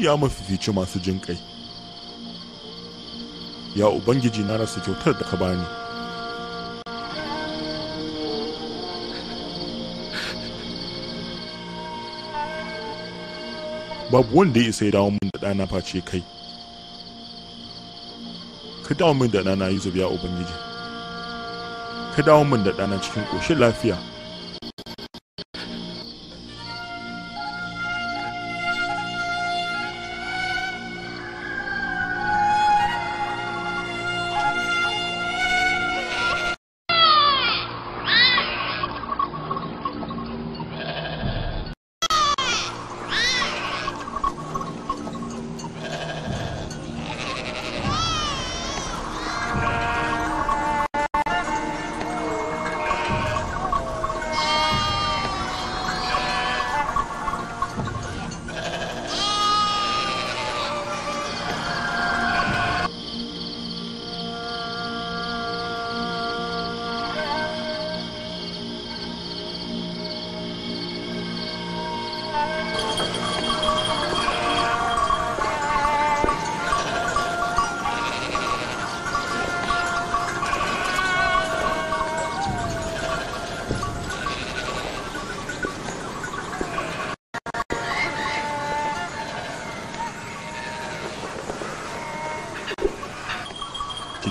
ya mafifici masu jin kai ya ubangiji na rasa kyautar da ka bani babu wanda ya isa ya dawo min da ɗana face kai ka dawo min da ɗana yusuf ya ubangiji ka dawo min da ɗana cikin ƙoshin lafiya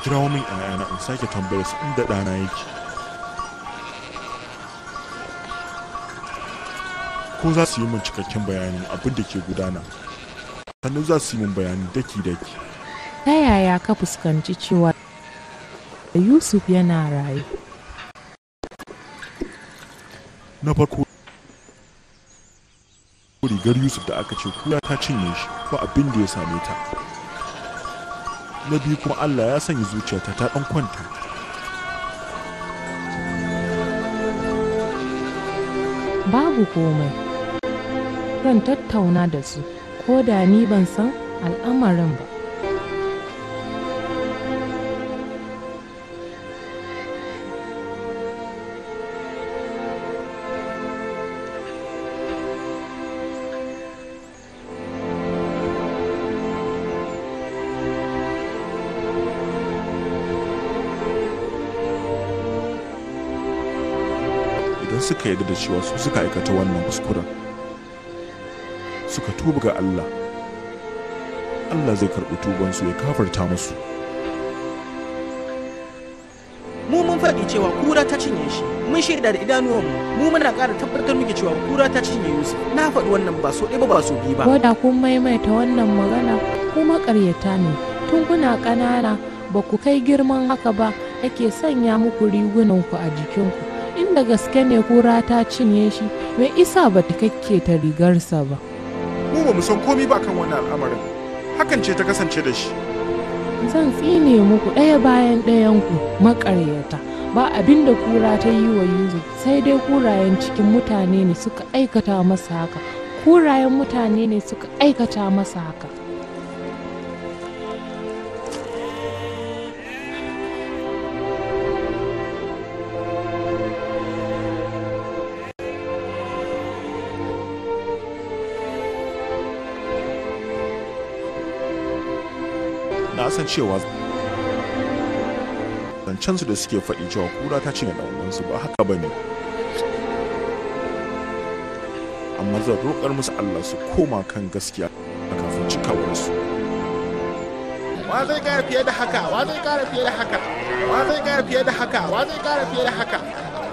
kirawo min ‘ya'yana in sake tambayar su inda ɗana yake ko za su yi min cikakken bayanin abin da ke gudana sannan za su yi min bayani daki-daki ta yaya ka fuskanci cewa yusuf yana raye na farko rigar yusuf da aka ce kuya ta cinye shi ba abin da ya same ta na biyu kuma allah ya sanya zuciyata ta ɗan kwanta babu komai zan tattauna da su ko da ni ban san al'amarin ba suka yi da cewa su suka aikata wannan kuskuren suka tuba ga Allah Allah zai karɓi tubansu ya kafarta musu mu mun faɗi cewa kura ta cinye shi mun shaida da idanuwanmu mu muna ƙara tabbatar muke cewa kura ta cinye musu, na faɗi wannan ba so ɗaya ba so biyu ba koda kun maimaita wannan magana ko maƙaryata ne tun kuna ƙanana ba ku kai girman haka ba ake sanya muku rigunanku a jikinku inda gaske ne kura ta cinye shi mai isa ba ta kakke ta rigarsa ba mu ba mu san komi ba kan wannan al'amarin hakan ce ta kasance da shi zan tsine muku ɗaya bayan ɗayan ku maƙaryata ba abin da kura ta yi wa yuzu sai dai kurayen cikin mutane ne suka aikata masa haka kurayen mutane ne suka aikata masa haka na san cewa su da suke faɗi cewa kura ta cinye su ba haka ba ne amma zan roƙar musu allah su koma kan gaskiya a kafin cikawarsu wa zai ƙara fiye da haka wa zai ƙara fiye da haka wa zai ƙara fiye da haka wa zai ƙara fiye da haka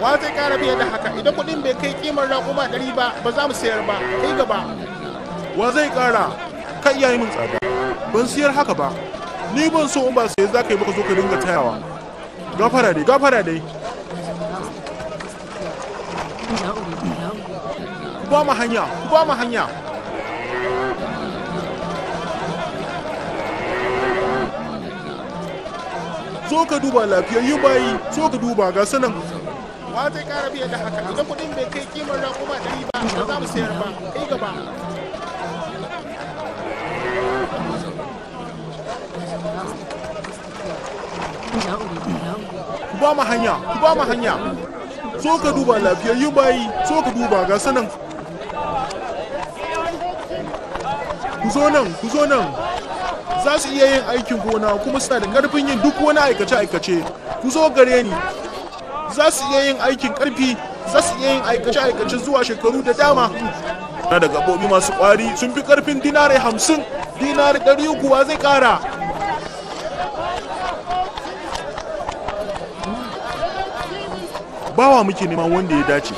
wa zai ƙara fiye da haka idan kuɗin bai kai kimar raƙuma ɗari ba ba za mu sayar ba kai gaba wa zai ƙara kai yayi min tsada ban siyar haka ba ni ban so in ba sai za ka yi maka zo ka dinga tayawa gafara dai gafara dai ba mu hanya ba mu hanya zo ka duba yi bayi zo ka duba ga sanan ba zai kara biya da haka idan kudin bai kai kimar rakuma 100 ba ba za mu sayar ba kai gaba ba mu hanya ku ba mu hanya so ka duba lafiyayyun bayi so ka duba ga sanan ku zo nan ku zo nan za su iya yin aikin gona kuma suna da karfin yin duk wani aikace-aikace ku zo gare ni za su iya yin aikin karfi za su iya yin aikace-aikace zuwa shekaru da dama na da gaɓoɓi masu ƙwari sun fi ƙarfin dinare hamsin dinare ɗari uku wa zai ƙara bawa muke neman wanda ya dace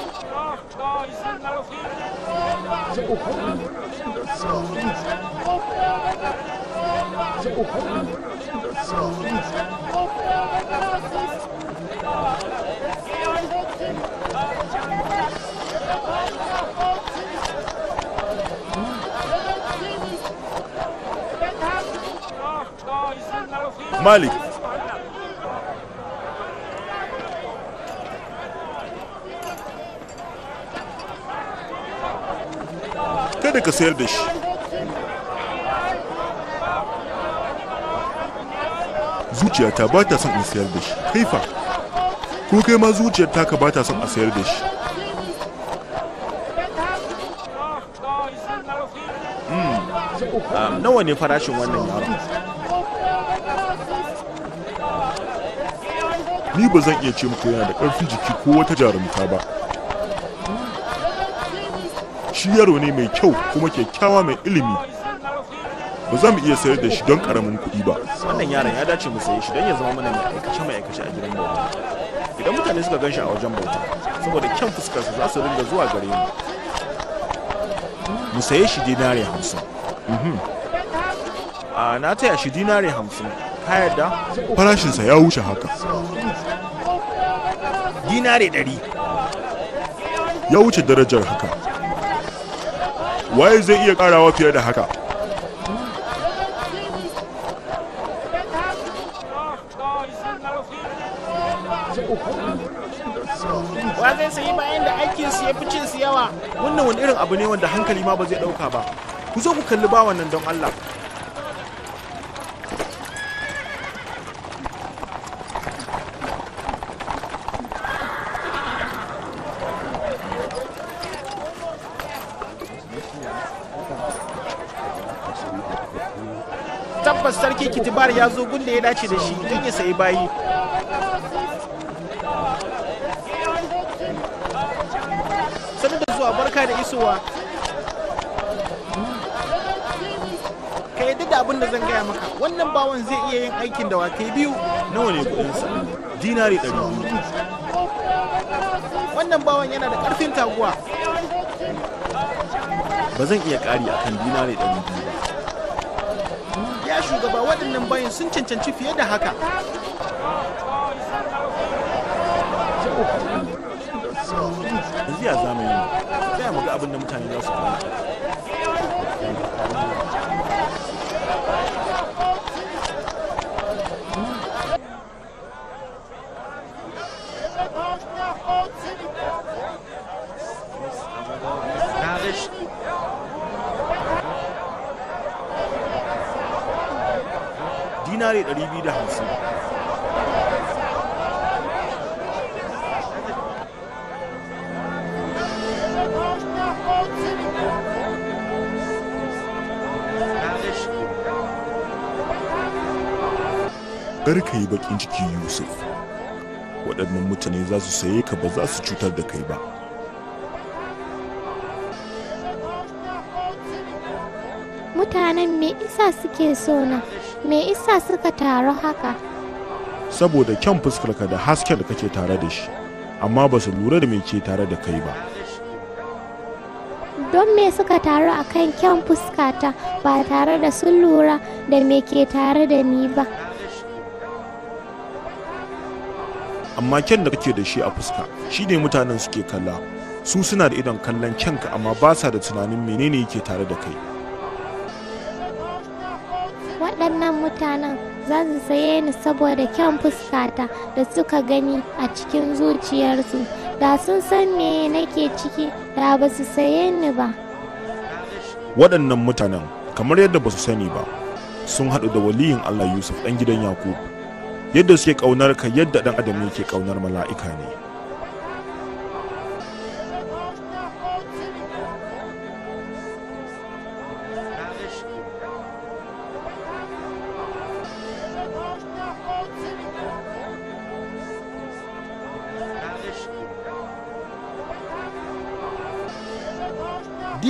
Malik aka sayar da shi zuciyata ba ta son in sayar da shi haifa ko kai ma zuciyar taka ba ta son a sayar da shi hmm. nawa ne farashin wannan yaron ni ba zan iya ce muku yana da ƙarfin jiki ko wata jarumta ba shi yaro ne mai kyau kuma kyakkyawa mai ilimi ba za mu iya sayar da shi don karamin kuɗi ba wannan yaron ya dace mu sayi shi don ya zama mana mai aikace mai aikace a gidan bauta idan mutane suka gan shi a wajen bauta saboda kyan fuskar su za su ringa zuwa gare mu mu saye shi dinari hamsin mhm. a na taya shi dinari hamsin ka yarda farashinsa ya wuce haka dinari ɗari ya wuce darajar haka waye zai iya karawa fiye da haka wa zai sayi bayan da aikin su ya su yawa wannan wani irin abu ne wanda hankali ma ba zai dauka ba ku zo ku kalli bawan nan don Allah jabbar ya zo gunda ya dace da shi don ya sayi bayi sanar da zuwa barka da isowa ka yadda da abin da zan gaya maka wannan bawan zai iya yin aikin da wata biyu nawa ne kudinsa dinari ɗari wannan bawan yana da ƙarfin taguwa ba zan iya ƙari akan dinari ɗari ya shugaba waɗannan bayan sun cancanci fiye da haka yanzu zamani zai mu ga abin da mutane za su fahimta dinare 250 kar ka yi bakin ciki yusuf waɗannan mutane za su saye ka ba za su cutar da kai ba mutanen me isa suke sona me isa suka taru haka saboda kyan fuskarka da hasken da kake tare da shi amma ba su lura da me ke tare da kai ba don me suka taru a kan kyan fuskata ba tare da sun lura da me ke tare da ni ba amma kyan da kake da shi a fuska shi ne mutanen suke kalla su suna da idon kallon kyanka amma ba sa da tunanin menene yake tare da kai waɗannan mutanen za su saye ni saboda kyan fuskata da suka gani a cikin zuciyarsu da sun san me nake ciki da ba su saye ni ba waɗannan mutanen kamar yadda ba su sani ba sun haɗu da waliyin allah yusuf ɗan gidan yakubu yadda suke ƙaunar ka yadda ɗan adam yake ƙaunar mala'ika ne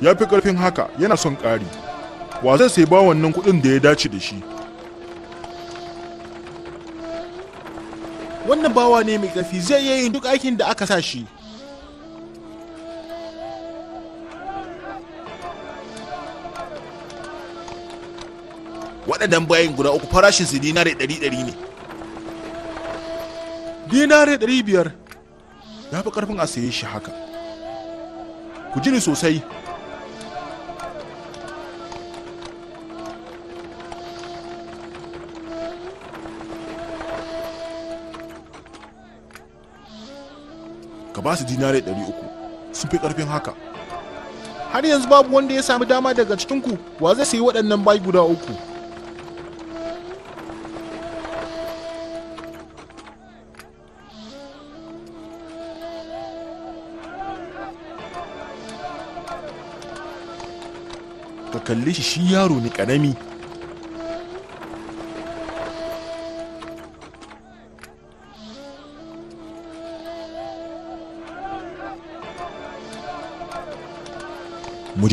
ya fi ƙarfin haka yana son ƙari wa zai sai ba wannan kuɗin da ya dace da shi wannan bawa ne mai ƙarfi zai iya yin duk aikin da aka sa shi waɗannan bayan guda uku farashinsu dinare ɗari ɗari ne dinare ɗari biyar ya fi ƙarfin a saye shi haka ku ji sosai ka ba su dinare 300 sun fi karfin haka har yanzu babu wanda ya sami dama daga cikinku wa zai sayi waɗannan bai guda uku ka kalli shi shi yaro ne ƙarami mu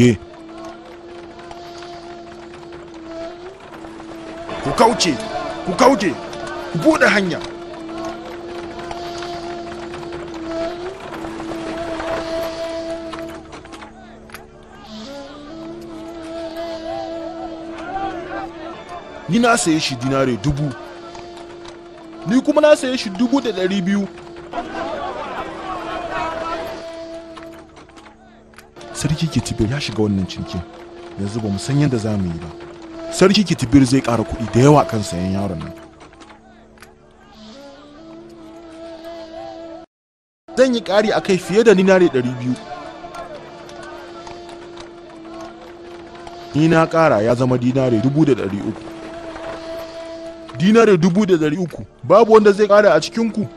ku kauce ku kauce ku bude hanya ni na saye shi dinare dubu ni kuma na saye shi dubu da dari biyu sarki kitibir ya shiga wannan cinkin yanzu ba mu san yadda za mu yi ba sarki kitibir zai ƙara kuɗi da yawa kan sayan yaron nan zan yi ƙari a kai fiye da dinari ɗari biyu ni na ƙara ya zama dinari dubu da ɗari uku dinari dubu da ɗari uku babu wanda zai ƙara a cikinku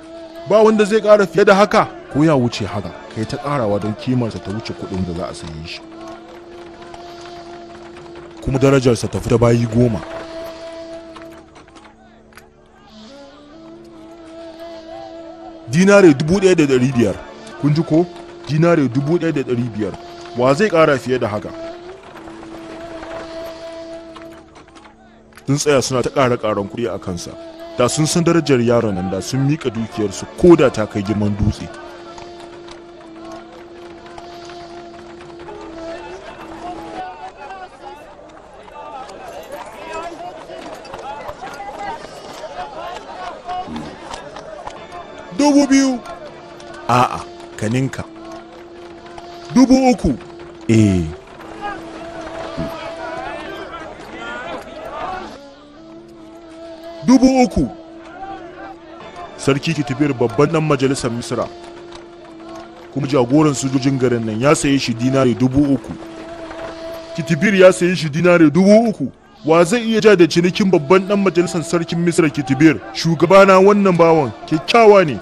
ba wanda zai ƙara fiye da haka ko ya wuce haka kai ta ƙarawa don kimarsa ta wuce kuɗin da za a sayi shi kuma darajarsa tafi ta bayi goma dinare 1,500 kun ji ko dinare 1,500 wa zai ƙara fiye da haka sun tsaya suna ta ƙara ƙaran kuɗi a kansa da sun san darajar yaron nan da sun miƙa dukiyarsu ko da ta kai girman dutse dubu uku eh dubu uku sarki ki tafiyar babban nan majalisar misra kuma jagoran sojojin garin nan ya saye shi dinare dubu uku kitibir ya saye shi dinare dubu uku wa zai iya ja da cinikin babban dan majalisar sarkin misra kitibir shugabana wannan bawan kyakkyawa ne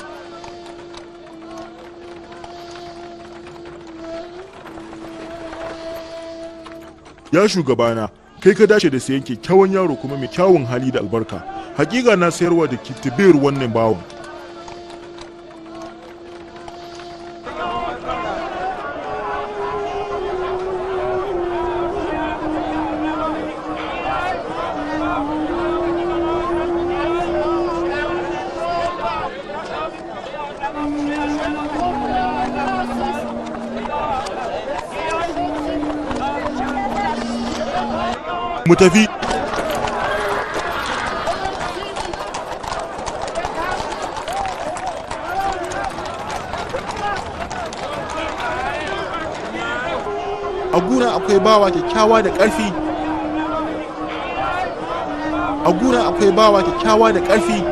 ya shugabana kai ka dace da sayan kyakkyawan yaro kuma mai kyawun hali da albarka hakika na sayarwa da kitibir wannan bawan mu tafi a gura akwai bawa kyakkyawa da ƙarfi a gura akwai bawa kyakkyawa da ƙarfi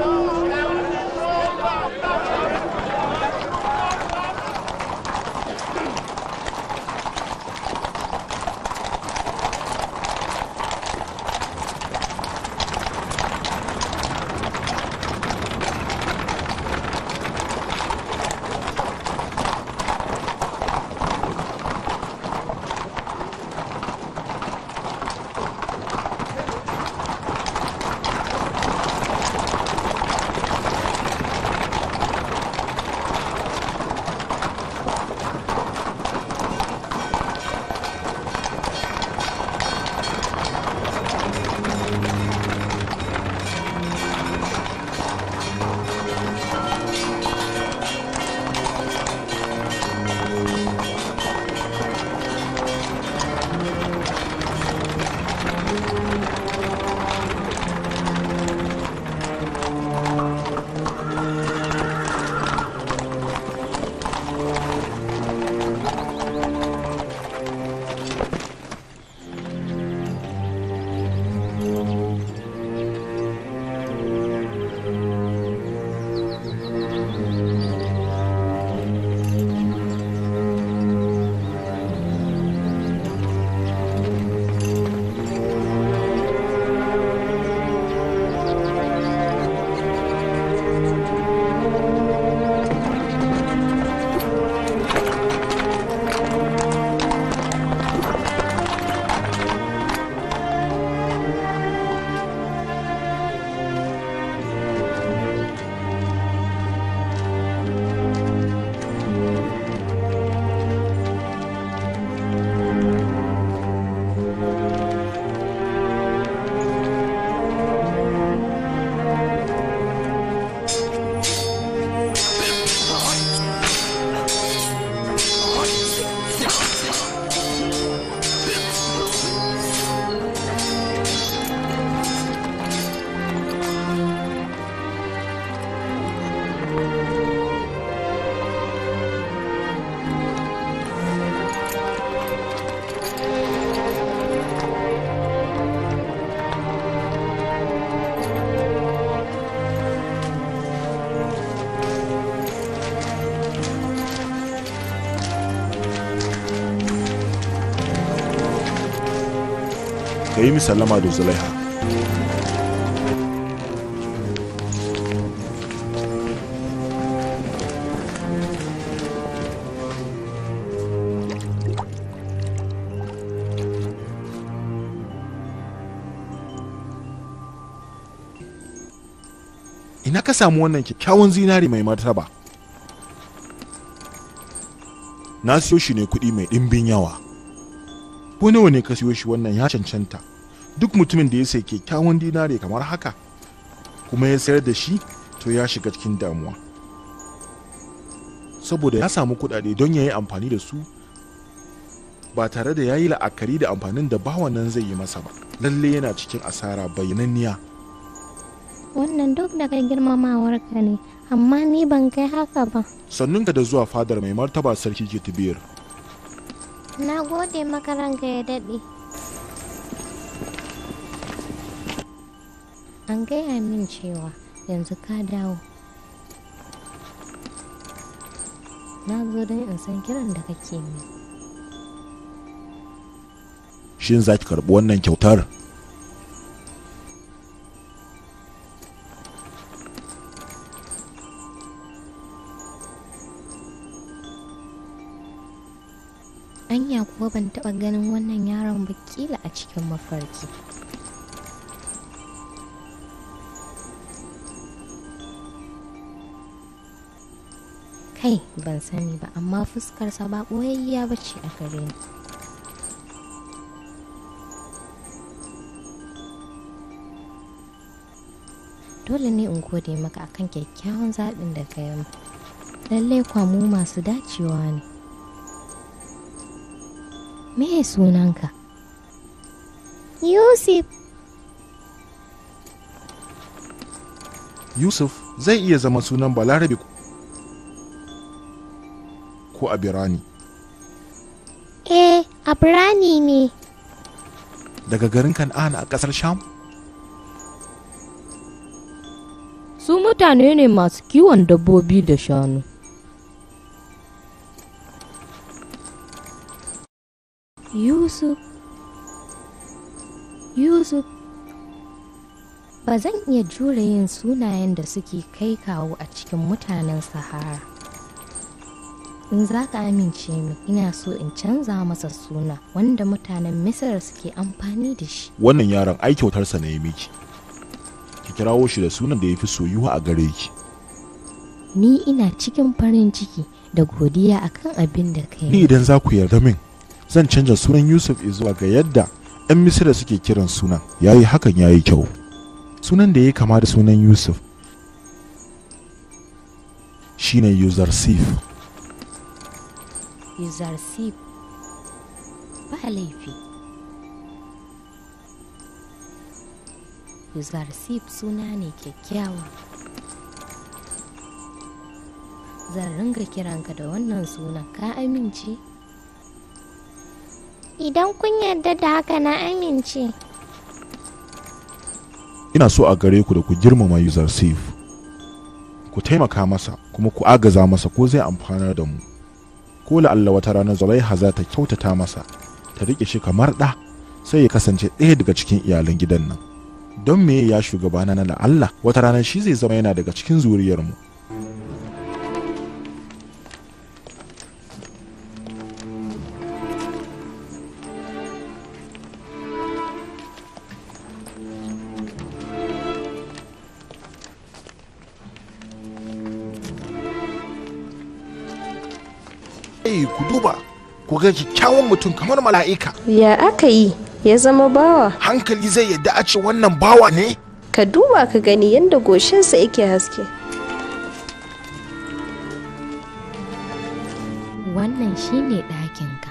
ya yi sallama da zulaiha ina ka samu wannan kyakkyawan zinari mai martaba na siyo shi ne kuɗi mai ɗimbin yawa ko nawa ne ka siyo shi wannan ya cancanta duk mutumin da ya sai kyakkyawan dinare kamar haka kuma ya sayar da shi to ya shiga cikin damuwa saboda ya samu kudade don ya yi amfani da su ba tare da ya yi la'akari da amfanin da bawan nan zai yi masa ba lalle yana cikin asara bayananniya wannan duk daga girmamawarka ne amma ni ban kai haka ba sannun ka da zuwa fadar mai martaba sarki kitibiyar na gode makaranka ya daɗe an gaya min cewa yanzu ka dawo na zo don in san kiran da kake min shin za ki karɓi wannan kyautar anya kuwa ban taɓa ganin wannan yaron ba a cikin mafarki kai ban sani ba amma fuskarsa ba ɓoyayya ba ce a gare ni dole ne in gode maka akan kyakkyawan zaɓin da ka yi lallai kwamu masu dacewa ne me sunanka yusuf yusuf zai iya zama sunan balarabe ko a birani eh a birane ne daga garin kan'ana a ƙasar sham su mutane ne masu kiwon dabbobi da shanu yusuf yusuf ba zan iya jure yin sunayen da suke kai kawo a cikin mutanen sahara in za ka amince mu ina so in canza masa suna wanda mutanen Misira suke amfani da shi wannan yaron ai kyautarsa na miki ki kirawo shi da sunan da ya fi soyuwa a gare ki ni ina cikin farin ciki da godiya akan abin da kai ni idan za ku yarda min zan canza sunan yusuf zuwa ga yadda 'yan misira suke kiran sunan ya yi hakan ya yi kyau sunan da ya kama da sunan yusuf shine yuzar sif exercise ba laifi exercise suna ne kyakkyawa zan ringa kiranka da wannan sunan ka amince idan kun yarda da haka na amince ina so a gare ku da ku girmama user ku taimaka masa kuma ku agaza masa ko zai amfana da mu ko la Allah, wata rana zulaiha za ta kyautata masa ta rike shi kamar ɗa sai ya kasance ɗaya daga cikin iyalan gidan nan don me ya shugabana na Allah? wata rana shi zai zama yana daga cikin zuriyarmu ku ga kyakkyawan mutum kamar mala'ika ya aka yi ya zama bawa hankali zai yadda a ce wannan bawa ne ka duba ka gani yadda goshinsa yake haske wannan shi ne ɗakinka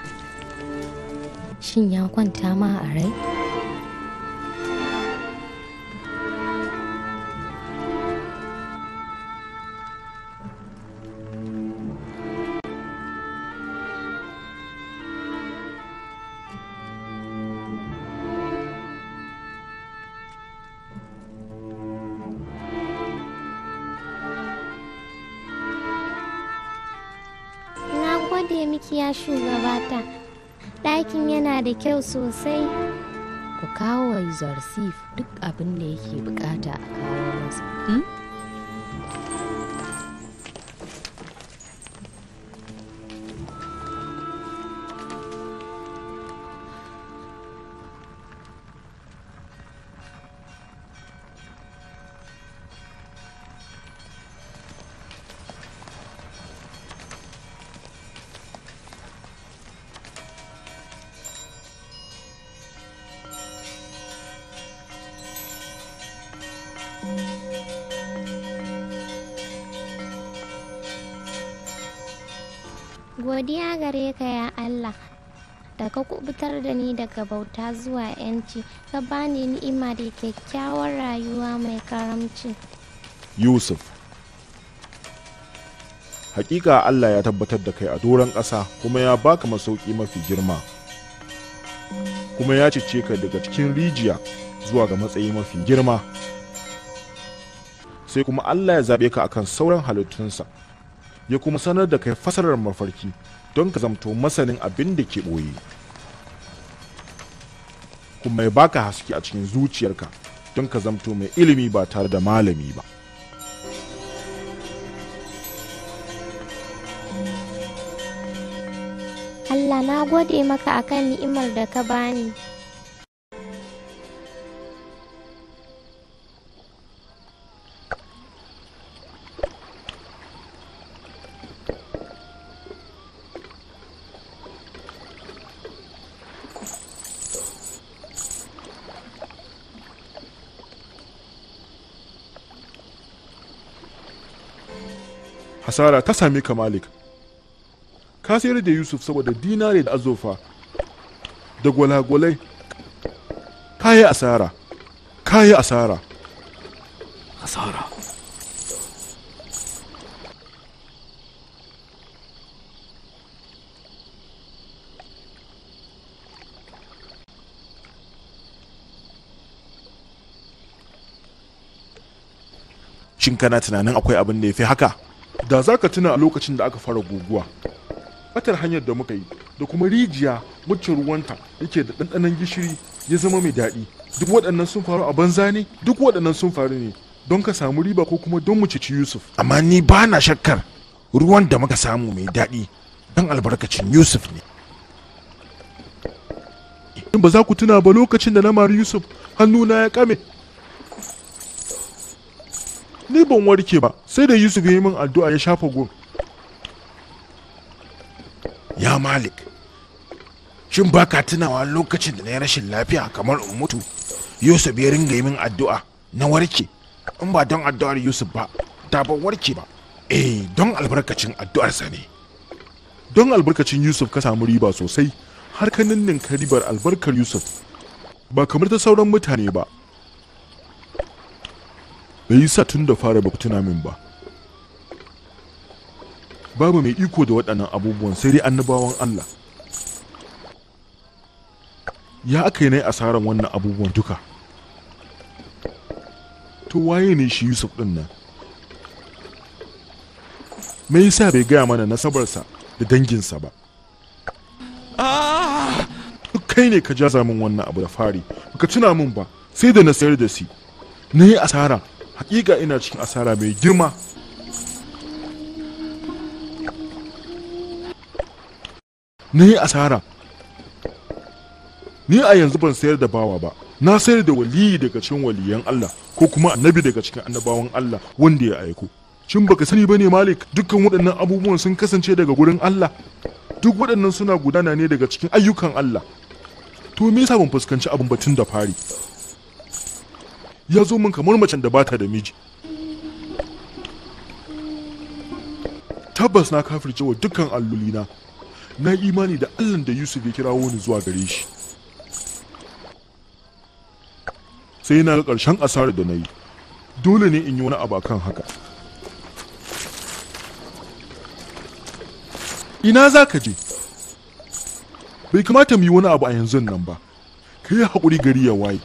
shin ya kwanta ma a rai gode miki ya shugabata ɗakin yana da kyau sosai ku kawo wa duk abin da yake bukata a kawo masa hmm? kubutar da ni daga bauta zuwa 'yanci ka bani ni'ima da kyakkyawar rayuwa mai karamci yusuf hakika allah ya tabbatar da kai a doron ƙasa kuma ya baka masauki mafi girma kuma ya cece ka daga cikin rijiya zuwa ga matsayi mafi girma sai kuma allah ya zaɓe ka akan sauran halittunsa ya kuma sanar da kai fasarar mafarki don ka zamto masanin abin da ke ɓoye. kuma ya baka haske a cikin zuciyarka don ka zamto mai ilimi ba tare da malami ba Allah na gode maka akan ni'imar da ka bani asara ta sami ka malik ka sayar da yusuf saboda dinare da azofa da gwalagwalai ka yi asara ka yi asara asara shin kana tunanin akwai abin da ya fi haka da za ka tuna a lokacin da aka fara guguwa fatar hanyar da muka yi da kuma rijiya wacce ruwanta yake da ɗanɗanon gishiri ya zama mai daɗi duk waɗannan sun faru a banza ne duk waɗannan sun faru ne don ka samu riba ko kuma don mu ceci yusuf amma ni ba na shakkar ruwan da muka samu mai daɗi don albarkacin yusuf ne ba za ku tuna ba lokacin da na mari yusuf hannuna ya kame ni ban warke ba sai da yusuf ya yi min addu'a ya shafa gun ya malik shin ba ka tunawa lokacin da na yi rashin lafiya kamar in mutu yusuf ya ringa yi min addu'a na warke in ba don addu'ar yusuf ba da ban warke ba eh don albarkacin addu'arsa ne don albarkacin yusuf ka samu riba sosai har ka ribar albarkar yusuf ba kamar ta sauran mutane ba bai yi tun da fara ba tuna min ba babu mai iko da waɗannan abubuwan sai dai annabawan Allah ya aka yi na asaran wannan abubuwan duka to waye ne shi Yusuf ɗin nan me yasa bai gaya mana nasabarsa da danginsa ba ah! kai ne ka jaza min wannan abu da fari ka tuna min ba sai da na sayar da si na yi asara hakika ina cikin asara mai girma na asara ni a yanzu ban sayar da bawa ba na sayar da waliyi daga cikin waliyan Allah ko kuma annabi daga cikin annabawan Allah wanda ya aiko shin baka sani ba ne malik dukkan waɗannan abubuwan sun kasance daga gurin Allah duk waɗannan suna gudana ne daga cikin ayyukan Allah to me yasa ban fuskanci abin batun da fari ya zo min kamar macen da bata da miji tabbas na kafirce wa dukkan allolina na imani da allan da yusuf ya kirawo ni zuwa gare shi sai na ga ƙarshen asarar da na yi dole ne in yi wani abu kan haka ina za ka je bai kamata mu yi wani abu a yanzu nan ba ka yi haƙuri gari ya waye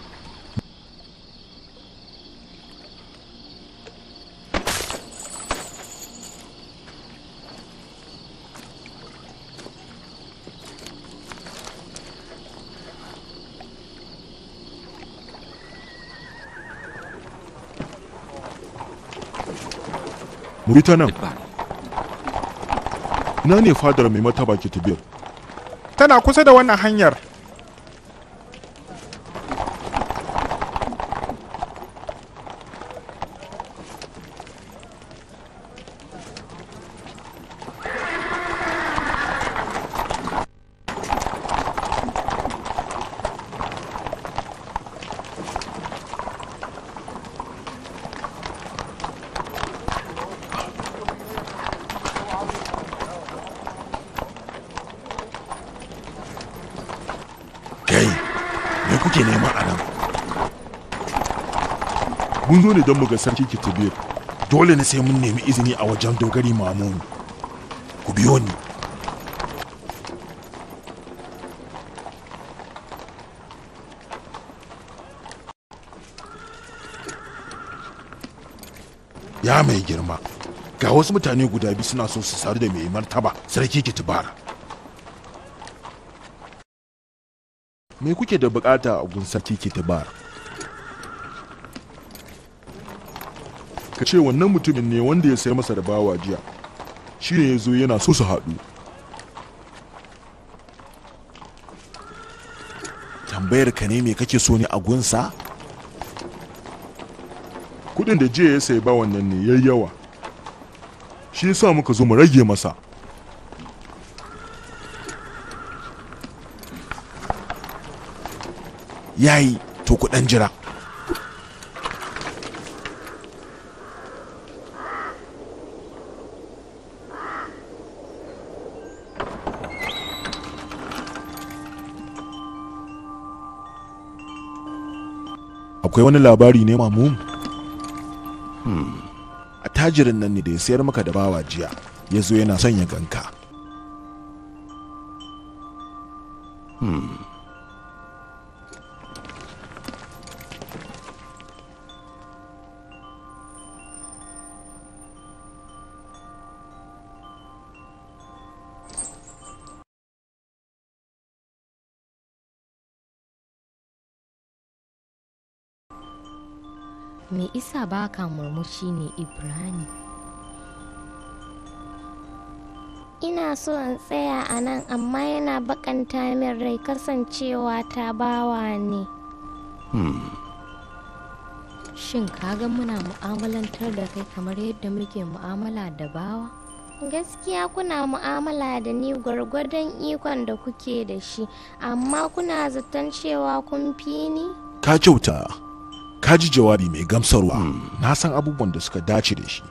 Muri nan. Ina ne fadar mai mataba ke tabiyar? Tana kusa da wannan hanyar. ne don mu ga sarki Kitabir. Dole ne sai mun nemi izini a wajen dogari Mamun. Ku biyo ni. Ya mai girma, ga wasu mutane guda biyu suna so su sadu da mai martaba sarki Kitibara. Me kuke da bukata a gun sarki Kitibara? ka ce wannan mutumin ne wanda ya sayi masa rabawa jiya shi ne ya zo yana so su haɗu tambayar ka ne mai kake so ne a gunsa kudin da jiya ya sayi ba wannan ne yayi yawa shi sa muka zo mu rage masa yayi to kudan jira akwai wani labari ne mamu hmm. a tajirin nan ne da ya sayar maka da bawa jiya ya zo yana son ya ganka yasa ba ka murmushi ne ibrahim ina so in tsaya a nan amma yana bakanta min rai kasancewa ta bawa ne hmm. shin kaga muna mu'amalantar da kai kamar yadda muke mu'amala da bawa gaskiya kuna mu'amala da ni gwargwadon ikon da kuke da shi amma kuna zaton cewa kun fi ni ka kyauta ka ji jawabi mai gamsarwa hmm. na san abubuwan da suka dace da shi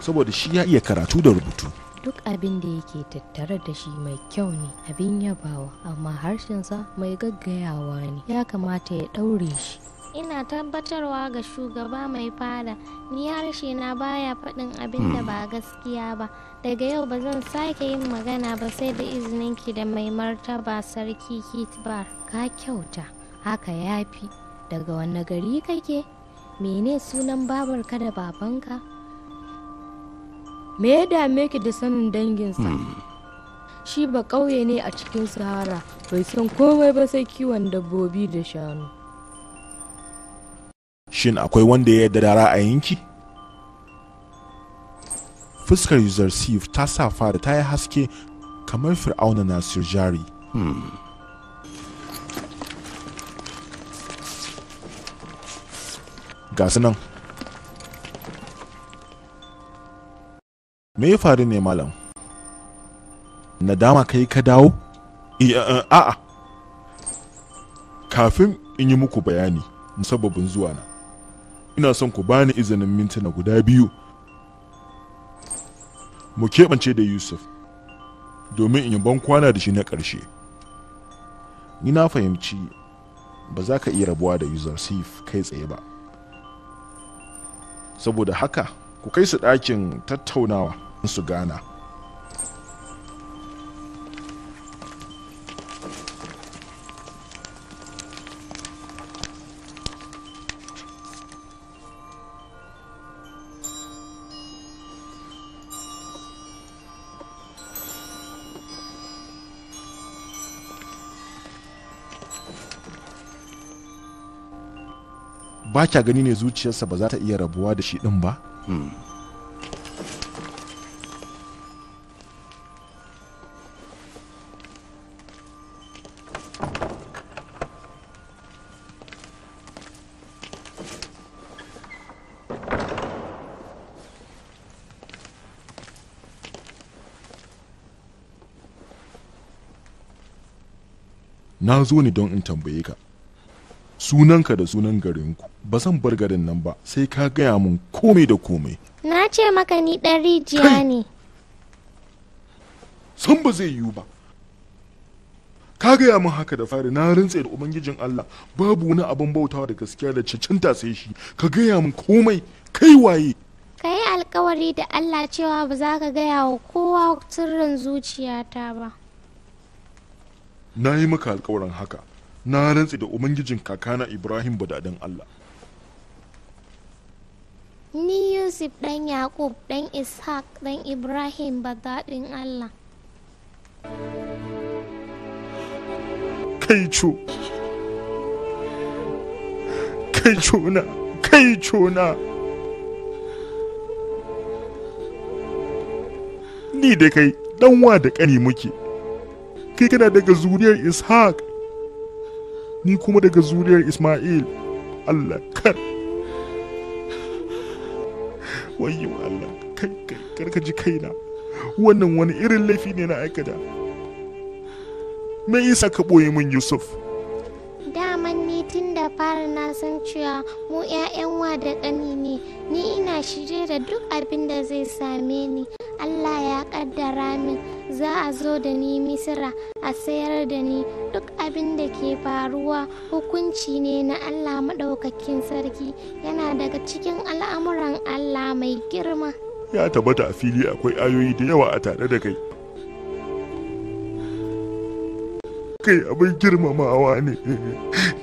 saboda shi ya iya karatu da rubutu duk abin da yake tattare da shi mai kyau ne abin yabawa amma harshensa mai gaggayawa ne ya kamata ya ɗaure shi ina tabbatarwa ga shugaba mai fada ni harshe na baya faɗin abin da hmm. ba gaskiya ba daga yau ba zan sake yin magana ba sai da izininki da mai martaba sarki kit ba ka kyauta haka ya fi daga wanne gari kake mene sunan babarka da babanka me ya dame ki da sanin danginsa hmm. shi ba ƙauye ne a cikin sahara bai san komai ba sai kiwon dabbobi da shanu shin akwai wanda ya yarda da ra'ayinki fuskar Yuzar sif ta sa fara ta yi haske kamar fir'auna nasir jari hmm. ga nan me ya faru ne malam nadama kai ka dawo eh, eh, eh, a'a kafin in yi muku bayani musabbabin zuwa na ina son ku bani izinin mintuna guda biyu mu keɓance da yusuf domin in yi ban kwana da shi na ƙarshe ni na fahimci ba za ka iya rabuwa da yusuf kai tsaye ba saboda haka ku kai su ɗakin tattaunawa su gana ba kya gani ne zuciyarsa ba za ta iya rabuwa da shi din ba hmm. na zo ne don in tambaye ka sunanka da sunan garinku ba zan bar garin nan ba sai ka gaya mun komai da komai na ce maka ni ɗan rijiya ne san ba zai yiwu ba ka gaya mun haka da fari na rintse da ubangijin Allah babu wani abin bautawa da gaskiya da cancanta sai shi ka gaya mun komai kai waye ka yi alkawari da Allah cewa ba za ka gaya wa kowa sirrin zuciyata ba na yi maka alkawarin haka na rantsi da umangijin kakana ibrahim badaden allah ni yusuf dan yakub dan ishaq dan ibrahim badaden allah kai co kai cona kai cona ni da kai dan wa da kani muke kai kana daga zuriyar ishaq ni kuma daga zuriyar Ismail Allah kar wayyo Allah kai ka ji kaina wannan wani irin laifi ne na aikata me yasa ka boye min Yusuf daman ni tun da fara na san cewa mu ƴaƴan wa da ƙani ne ni ina shirye da duk abin da zai same ni Allah ya kaddara min za a zo da ni misira a sayar da ni duk abin da ke faruwa hukunci ne na Allah maɗaukakin sarki yana daga cikin al'amuran Allah mai girma. Ya tabbata a fili akwai ayoyi da yawa a tare da kai. Kai abin girmamawa ne.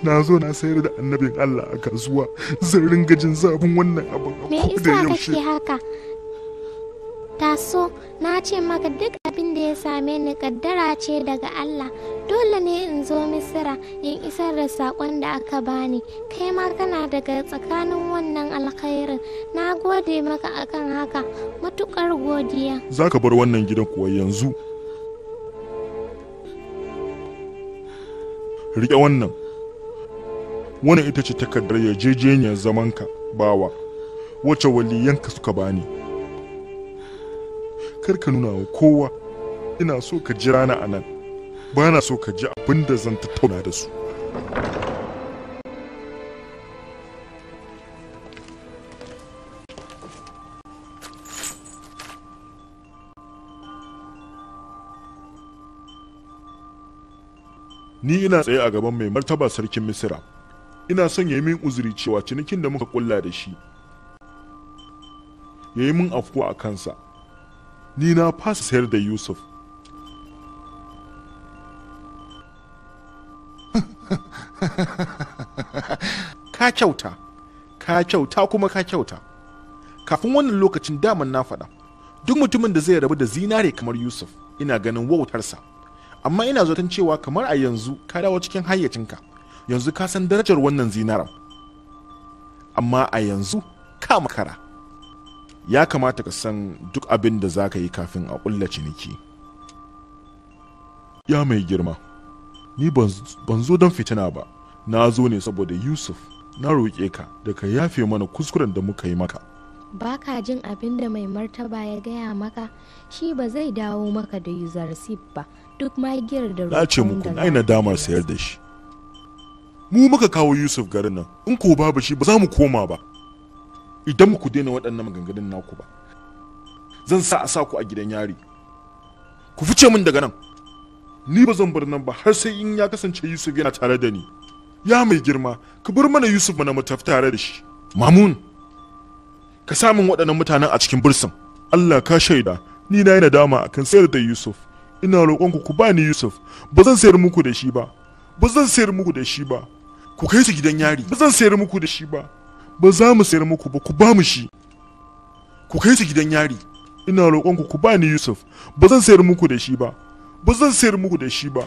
Na zo na sayar da annabin Allah a kasuwa zan ringa jin zafin wannan abin a da yaushe. Me isa haka? Taso na ce maka duk abin da ya same ni kaddara ce daga Allah dole ne in zo misira in isar da sakon da aka bani kai ma kana daga tsakanin wannan alkhairin na gode maka akan haka matukar godiya za ka bar wannan gidan kuwa yanzu riƙe wannan wani ita ce takardar yarjejeniyar zamanka bawa wacce waliyanka suka bani kar nuna wa kowa ina so ka jira na anan ba na so ka ji abin da zan tattauna da su ni ina tsaye a gaban mai martaba sarkin misira ina son ya yi min uzuri cewa cinikin da muka kulla da shi ya yi min afko a kansa ni na fasa sayar da yusuf ka kyauta ka kyauta kuma ka kyauta kafin wannan lokacin daman na faɗa duk mutumin da zai rabu da zinare kamar yusuf ina ganin wautarsa amma ina zaton cewa kamar a yanzu ka dawo cikin hayyacinka yanzu ka san darajar wannan zinaren amma a yanzu ka makara ya kamata ka san duk abin da za ka yi kafin a ƙulla ciniki ya mai girma ni ban zo don fitina ba na zo ne saboda yusuf na roƙe ka da ka yafe mana kuskuren da muka yi maka ba ka jin abin da mai martaba ya gaya maka shi ba zai dawo maka da yuzarsif ba duk magiyar da na ce muku na ina damar sayar da shi mu muka kawo yusuf garin nan in ko babu shi ba za mu koma ba idan ku daina waɗannan maganganun naku ba zan sa a sa ku a gidan yari ku fice min daga nan ni ba zan bar nan ba har sai in ya kasance Yusuf yana tare da ni ya mai girma ka bar mana Yusuf mana mu tafi tare da shi Mamun ka samun waɗannan mutanen a cikin bursin Allah ka shaida ni na yi nadama akan sayar da Yusuf ina roƙonku ku ba ni Yusuf ba zan sayar muku da shi ba ba zan sayar muku da shi ba ku kai su gidan yari ba zan sayar muku da shi ba ba za mu sayar muku ba ku ba mu shi ku kai su gidan yari ina roƙonku ku ba ni Yusuf ba zan sayar muku da shi ba ba zan sayar muku da shi ba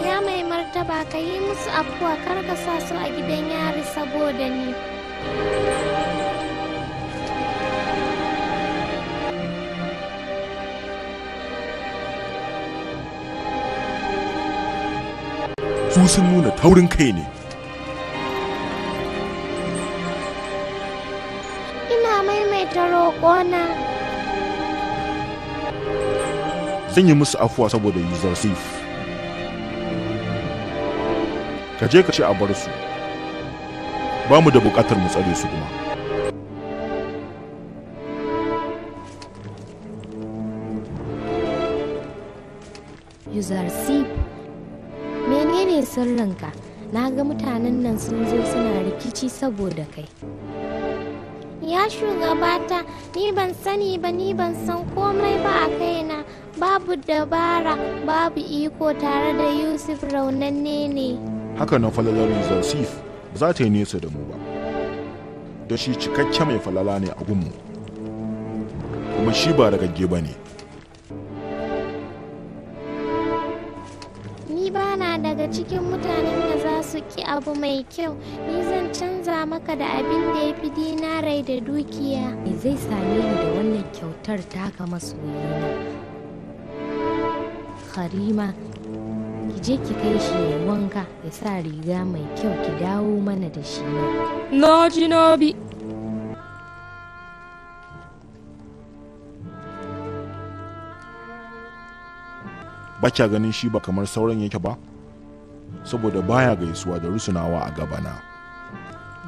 ya mai martaba ka yi musu afuwa kar ka sa su a gidan yari saboda ni su sun nuna taurin kai ne Kona sun yi musu afuwa saboda yusuf ka je ka ce a bar su ba mu da bukatar mu tsare su kuma menene sirrinka na ga mutanen nan sun zo suna rikici saboda kai ya shugabata ni ban sani ba ni ban san komai ba a kaina babu dabara babu iko tare da yusuf raunanne ne haka na falalarin zausif ba za ta yi nesa da mu ba da shi cikakke mai falala ne a gunmu kuma shi ba ragagge ba ne ni ba na daga cikin mutanen da za su ki abu mai kyau ni zan can canza maka da abin da ya fi dinarai da dukiya. Me zai same ni da wannan kyautar taka masoyina? Harima, ki je ki kai shi ya wanka ya sa riga mai kyau ki dawo mana da shi Na ji na bi. Bacha ganin shi ba kamar sauran yake ba, saboda baya gaisuwa da rusunawa a gabana.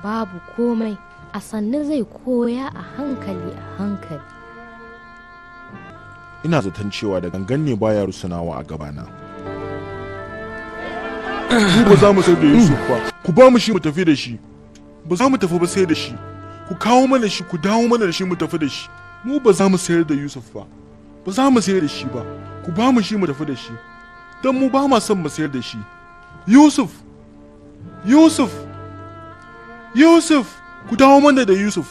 babu komai a sannu zai koya a hankali a hankali ina zaton cewa da gangan ne baya rusunawa a gabana ba za mu sai da yusuf ba ku ba mu shi mu tafi da shi ba za mu tafi ba sai da shi ku kawo mana shi ku dawo mana da shi mu tafi da shi mu ba za mu sayar da yusuf ba ba za mu sayar da shi ba ku ba mu shi mu tafi da shi don mu ba ma son mu sayar da shi yusuf yusuf Yusuf, ku dawo mana da Yusuf.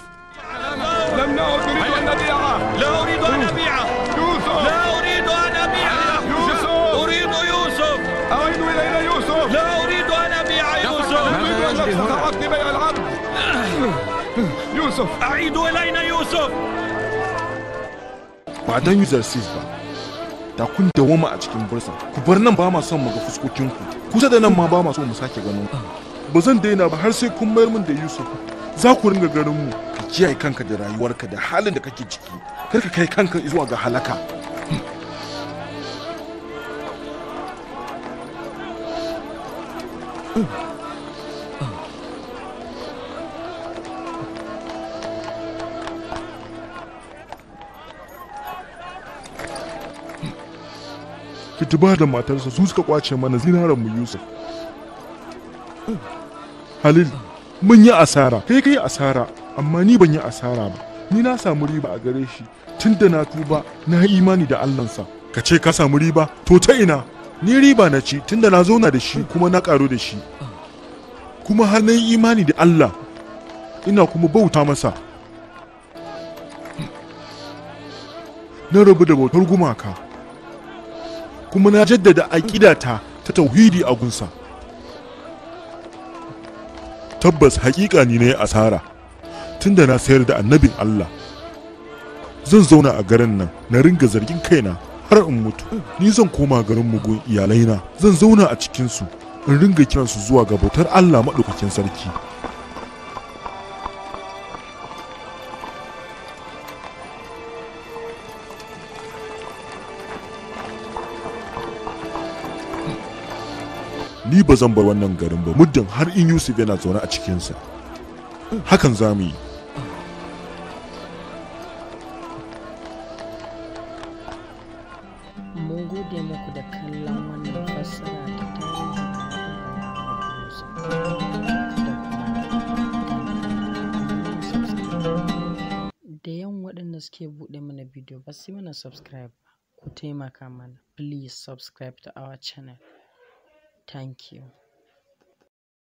يوسف يوسف ba don exercise ba da kun dawoma a cikin bursa ku bar nan ba ma son mu ga fuskokinku kusa da nan ma ba ma so mu sake ganin ku ba zan daina ba har sai kun mayar min da yusuf za ku ringa garin mu ka kiyaye kanka da rayuwarka da halin da kake ciki kar ka kai kanka zuwa ga halaka Fitiba da matarsa su suka kwace mana zinaran mu Yusuf. halil mun yi asara kai kai asara amma ni ban yi asara ba ni na samu riba a gare shi tun da na tuba na imani da allansa ka ce ka samu riba to ta ina ni riba na ci tun da na zauna da shi kuma na karo da shi kuma har na yi imani da allah ina kuma bauta masa na rabu da bautar gumaka kuma na jaddada aƙidata ta tauhidi a gunsa tabbas haƙiƙa ni na yi asara tunda na sayar da annabin Allah zan zauna a garin nan na ringa zargin kaina har in mutu ni zan koma garin mugun iyalaina zan zauna a cikinsu in ringa kiransu zuwa ga bautar Allah maɗaukakin sarki ni ba zan bar wannan garin ba muddin har in yusuf yana zaune a cikinsa hakan za mu yi mun gode muku da kallon wannan fassara ta da yan waɗanda suke buɗe mana bidiyo ba sai mana subscribe ku taimaka mana please subscribe to our channel Thank you.